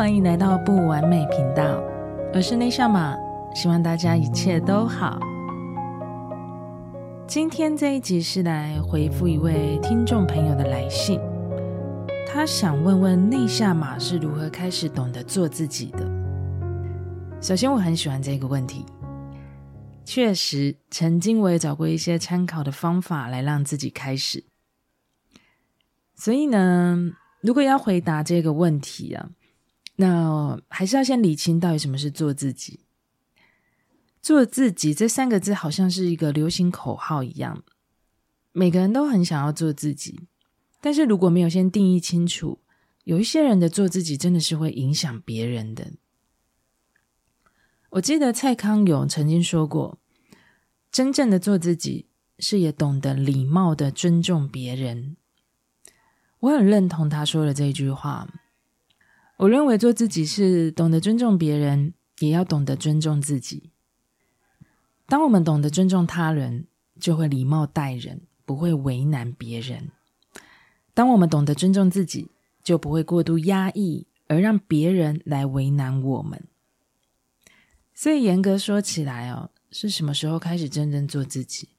歡迎來到不完美頻道，我是內夏瑪，希望大家一切都好。今天這一集是來回覆一位聽眾朋友的來信，他想問問內夏瑪是如何開始懂得做自己的。首先，我很喜歡這個問題，確實，曾經我也找過一些參考的方法來讓自己開始。所以呢，如果要回答這個問題啊。那還是要先理清，到底什麼是做自己？做自己這三個字好像是一個流行口號一樣，每個人都很想要做自己，但是如果沒有先定義清楚，有一些人的做自己真的是會影響別人的。我記得蔡康永曾經說過，真正的做自己是也懂得禮貌的尊重別人。我很認同他說的這句話。我認為做自己是懂得尊重別人，也要懂得尊重自己。當我們懂得尊重他人，就會禮貌待人，不會為難別人；當我們懂得尊重自己，就不會過度壓抑，而讓別人來為難我們。所以嚴格說起來哦，是什麼時候開始真正做自己？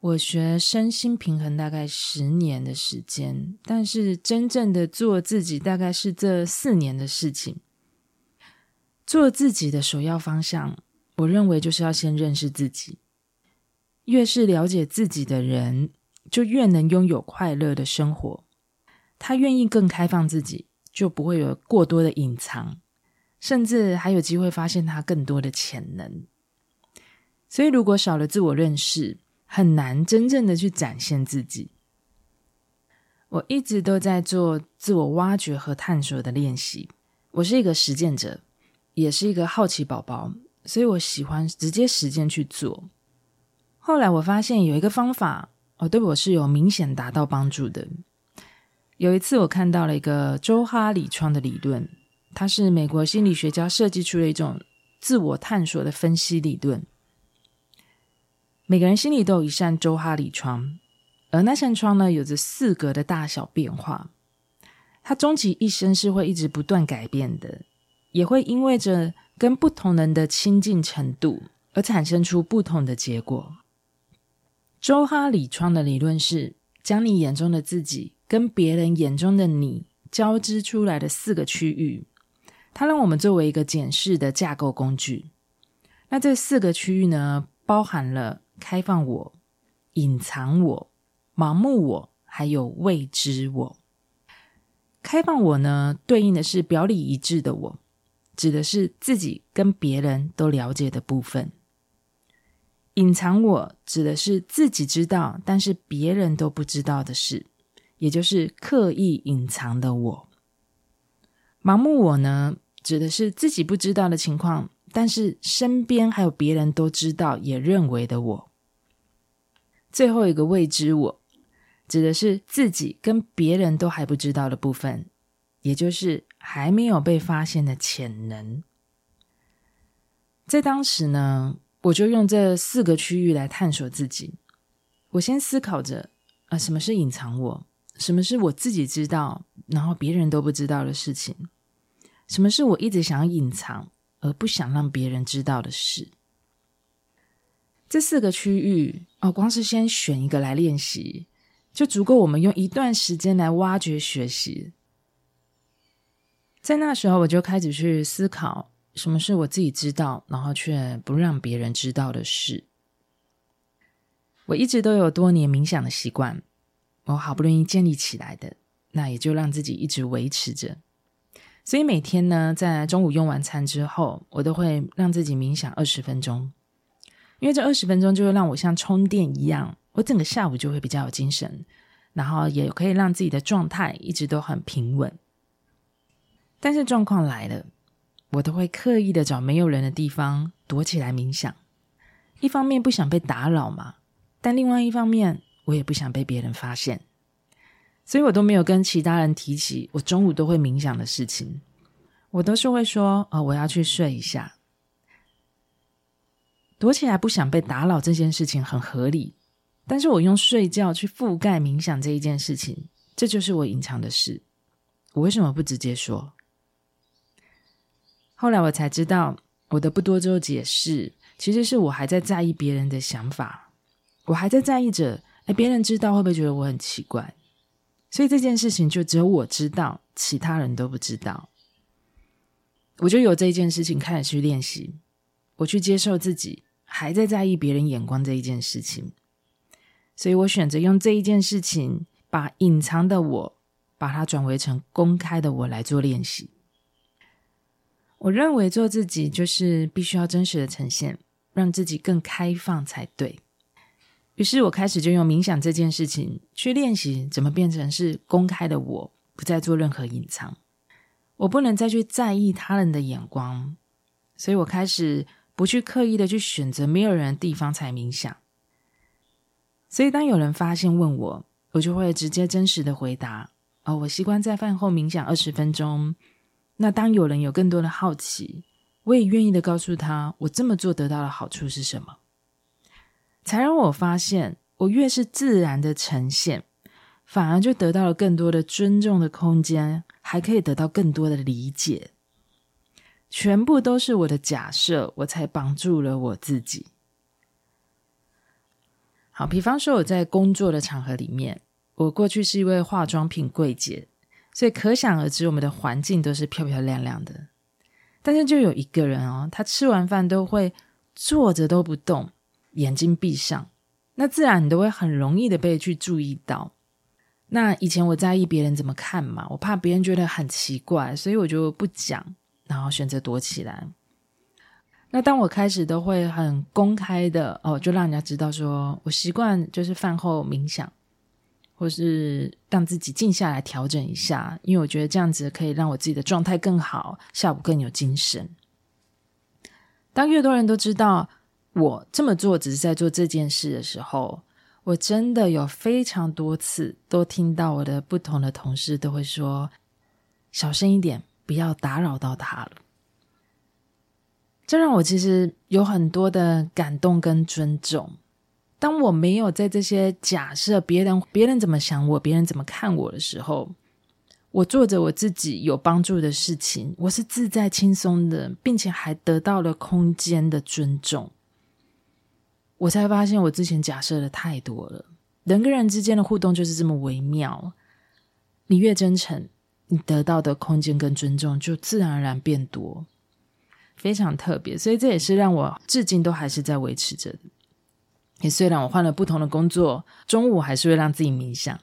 我學身心平衡大概十年的時間，但是真正的做自己大概是這四年的事情。做自己的首要方向，我認為就是要先認識自己。越是了解自己的人，就越能擁有快樂的生活。他願意更開放自己，就不會有過多的隱藏，甚至還有機會發現他更多的潛能。所以，如果少了自我認識，很難真正的去展現自己。我一直都在做自我挖掘和探索的練習。我是一個實踐者，也是一個好奇寶寶，所以我喜歡直接實踐去做。後來我發現有一個方法，哦，對我是有明顯達到幫助的。有一次我看到了一個周哈里窗的理論，它是美國心理學家設計出了一種自我探索的分析理論。每個人心裡都有一扇周哈里窗，而那扇窗呢，有着四格的大小變化。它終其一生是會一直不斷改變的，也會因為着跟不同人的親近程度而產生出不同的結果。周哈里窗的理論是將你眼中的自己跟別人眼中的你交織出來的四個區域，它讓我們作為一個檢視的架構工具。那這四個區域呢，包含了，開放我、隱藏我、盲目我，還有未知我。開放我呢，對應的是表裡一致的我，指的是自己跟別人都了解的部分。隱藏我指的是自己知道，但是別人都不知道的事，也就是刻意隱藏的我。盲目我呢，指的是自己不知道的情況，但是身邊還有別人都知道，也認為的我。最後一個未知我，指的是自己跟別人都還不知道的部分，也就是還沒有被發現的潛能。在當時呢，我就用這四個區域來探索自己。我先思考着啊、呃，什麼是隱藏我？什麼是我自己知道，然後別人都不知道的事情？什麼是我一直想隱藏而不想讓別人知道的事？這四個區域。哦，光是先選一個來練習，就足夠我們用一段時間來挖掘學習。在那時候，我就開始去思考，什麼是我自己知道，然後卻不讓別人知道的事。我一直都有多年冥想的習慣，我好不容易建立起來的，那也就讓自己一直維持着。所以每天呢，在中午用完餐之後，我都會讓自己冥想二十分鐘。因為這二十分鐘就會讓我像充電一樣，我整個下午就會比較有精神，然後也可以讓自己的狀態一直都很平穩。但是狀況來了，我都會刻意的找沒有人的地方躲起來冥想。一方面不想被打擾嘛，但另外一方面我也不想被別人發現，所以我都沒有跟其他人提起我中午都會冥想的事情。我都是會說：“哦，我要去睡一下。”躲起來不想被打擾這件事情很合理，但是我用睡覺去覆蓋冥想這一件事情，這就是我隱藏的事。我為什麼不直接說？後來我才知道，我的不多做解釋，其實是我還在在意別人的想法，我還在在意着，哎，別人知道會不會覺得我很奇怪？所以這件事情就只有我知道，其他人都不知道。我就由這一件事情開始去練習，我去接受自己。還在在意別人眼光這一件事情，所以我選擇用這一件事情把隱藏的我，把它轉為成公開的我來做練習。我認為做自己就是必須要真實的呈現，讓自己更開放才對。於是，我開始就用冥想這件事情去練習，怎麼變成是公開的我，不再做任何隱藏。我不能再去在意他人的眼光，所以我開始。不去刻意的去選擇沒有人的地方才冥想，所以當有人發現問我，我就會直接真實的回答。哦，我習慣在飯後冥想二十分鐘。那當有人有更多的好奇，我也願意的告訴他，我這麼做得到的好處是什麼？才讓我發現，我越是自然的呈現，反而就得到了更多的尊重的空間，還可以得到更多的理解。全部都是我的假設，我才綁住了我自己。好，比方說我在工作的場合裡面，我過去是一位化妝品櫃姐，所以可想而知，我們的環境都是漂漂亮亮的。但是就有一個人哦，他吃完飯都會坐着都不動，眼睛閉上，那自然你都會很容易的被去注意到。那以前我在意別人怎麼看嘛，我怕別人覺得很奇怪，所以我就不講。然後選擇躲起來。那當我開始都會很公開的哦，就讓人家知道說我習慣就是飯後冥想，或是讓自己靜下來調整一下，因為我覺得這樣子可以讓我自己的狀態更好，下午更有精神。當越多人都知道我這麼做只是在做這件事的時候，我真的有非常多次都聽到我的不同的同事都會說：“小聲一點。”不要打擾到他了，這讓我其實有很多的感動跟尊重。當我沒有在這些假設別人別人怎麼想我、別人怎麼看我的時候，我做着我自己有幫助的事情，我是自在輕鬆的，並且還得到了空間的尊重。我才發現我之前假設的太多了。人跟人之間的互動就是這麼微妙，你越真誠，你得到的空間跟尊重就自然而然變多，非常特別。所以這也是讓我至今都還是在維持着。也雖然我換了不同的工作，中午還是會讓自己冥想，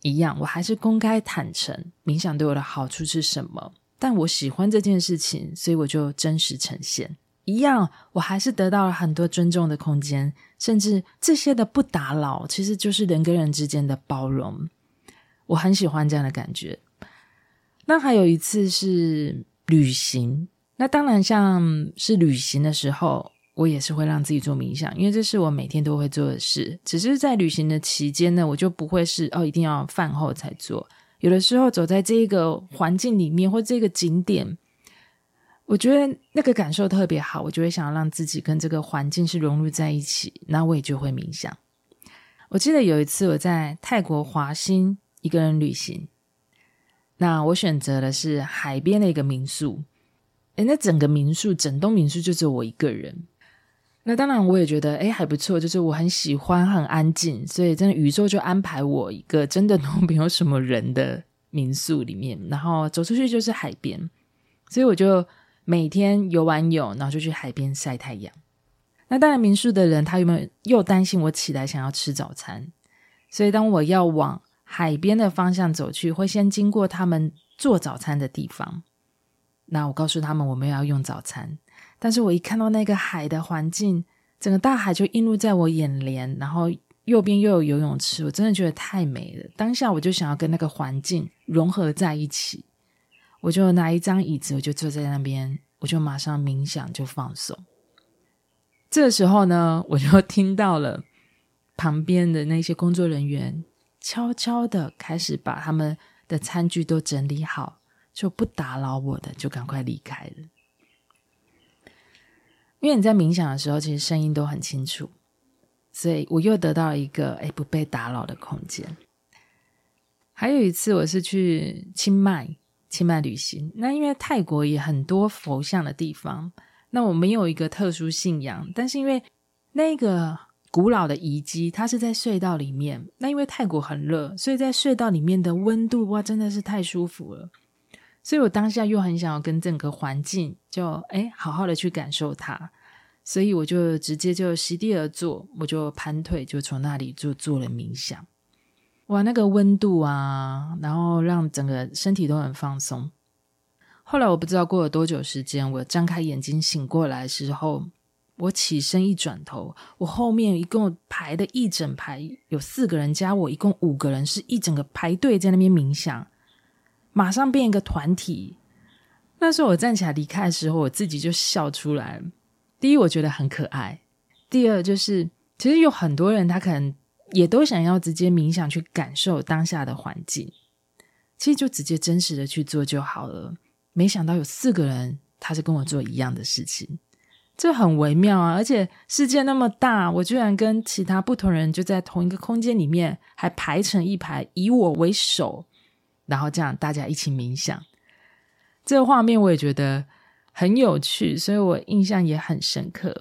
一樣，我還是公開坦誠冥想對我的好處是什麼。但我喜歡這件事情，所以我就真實呈現。一樣，我還是得到了很多尊重的空間，甚至這些的不打擾，其實就是人跟人之間的包容。我很喜歡這樣的感覺。那還有一次是旅行，那當然像是旅行的時候，我也是會讓自己做冥想，因為這是我每天都會做的事。只是在旅行的期間呢，我就不會是哦，一定要飯後才做。有的時候走在這一個環境裡面或這個景點，我覺得那個感受特別好，我就會想要讓自己跟這個環境是融入在一起，那我也就會冥想。我記得有一次我在泰國華欣一個人旅行。那我選擇的是海邊的一個民宿，哎，那整個民宿整棟民宿就只有我一個人。那當然，我也覺得哎還不錯，就是我很喜歡很安靜，所以真的宇宙就安排我一個真的都沒有什麼人的民宿裡面，然後走出去就是海邊，所以我就每天游完泳，然後就去海邊曬太陽。那當然，民宿的人他有沒有又擔心我起來想要吃早餐，所以當我要往。海邊的方向走去，會先經過他們做早餐的地方。那我告訴他們，我沒有要用早餐。但是我一看到那個海的環境，整個大海就映入在我眼簾，然後右邊又有游泳池，我真的覺得太美了。當下我就想要跟那個環境融合在一起，我就拿一張椅子，我就坐在那邊，我就馬上冥想，就放鬆。這個時候呢，我就聽到了旁邊的那些工作人員。悄悄的開始把他們的餐具都整理好，就不打擾我的，就趕快離開了。因為你在冥想的時候，其實聲音都很清楚，所以我又得到一個哎、欸、不被打擾的空間。還有一次，我是去清邁，清邁旅行。那因為泰國也很多佛像的地方，那我沒有一個特殊信仰，但是因為那個。古老的遺跡，它是在隧道裡面。那因為泰國很熱，所以在隧道裡面的溫度哇，真的是太舒服了。所以我當下又很想要跟整個環境就，就誒好好的去感受它。所以我就直接就席地而坐，我就盤腿，就從那裡就做了冥想。哇，那個溫度啊，然後讓整個身體都很放鬆。後來我不知道過了多久時間，我張開眼睛醒過來的時候，我起身一轉頭，我後面一共排的一整排有四個人加我，一共五個人，是一整個排隊在那邊冥想，馬上變一個團體。那時候我站起來離開的時候，我自己就笑出來。第一，我覺得很可愛；第二，就是其實有很多人他可能也都想要直接冥想去感受當下的環境，其實就直接真實的去做就好了。沒想到有四個人他是跟我做一樣的事情。這很微妙啊，而且世界那麼大，我居然跟其他不同人就在同一個空間裡面，還排成一排，以我為首，然後這樣大家一起冥想，這個畫面我也覺得很有趣，所以我印象也很深刻。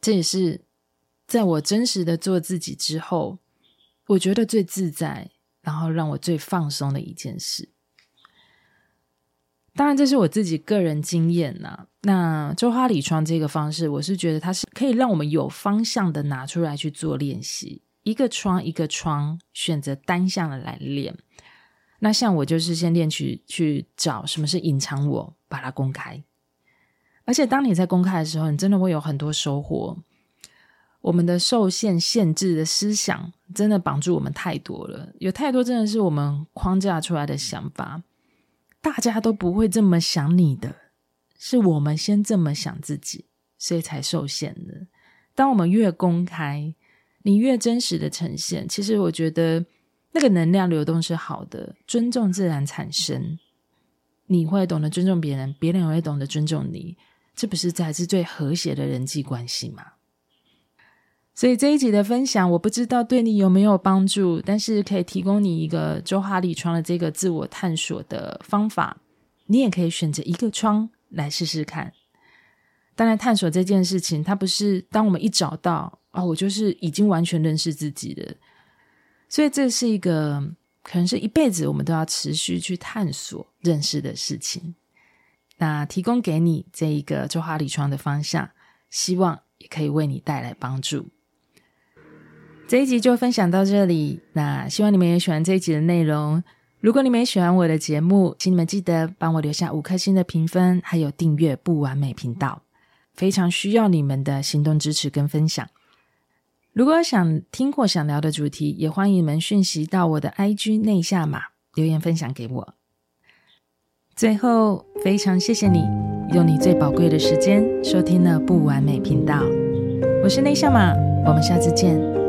這也是在我真實的做自己之後，我覺得最自在，然後讓我最放鬆的一件事。當然，這是我自己個人經驗吶、啊。那周哈里窗這個方式，我是覺得它是可以讓我們有方向的拿出來去做練習，一個窗一個窗選擇單向的來練。那像我就是先練去去找什麼是隱藏我，我把它公開。而且當你在公開的時候，你真的會有很多收穫。我們的受限限制的思想真的綁住我們太多了，有太多真的是我們框架出來的想法，大家都不會這麼想你的。是我們先這麼想自己，所以才受限的。當我們越公開，你越真實的呈現，其實我覺得那個能量流動是好的，尊重自然產生，你會懂得尊重別人，別人也會懂得尊重你，這不是才是最和諧的人際關係嗎？所以這一集的分享，我不知道對你有沒有幫助，但是可以提供你一個周哈里窗的這個自我探索的方法，你也可以選擇一個窗。來試試看。當然，探索這件事情，它不是當我們一找到啊、哦，我就是已經完全認識自己了。所以，這是一個可能是一輩子我們都要持續去探索認識的事情。那提供給你這一個“周哈里窗”的方向，希望也可以為你帶來幫助。這一集就分享到這裡。那希望你們也喜歡這一集的內容。如果你們喜歡我的節目，請你們記得幫我留下五顆星的評分，還有訂閱不完美頻道，非常需要你們的行動支持跟分享。如果想聽或想聊的主題，也歡迎你們訊息到我的 IG 內夏瑪，留言分享給我。最後，非常謝謝你用你最寶貴的時間收聽了不完美頻道，我是內夏瑪，我們下次見。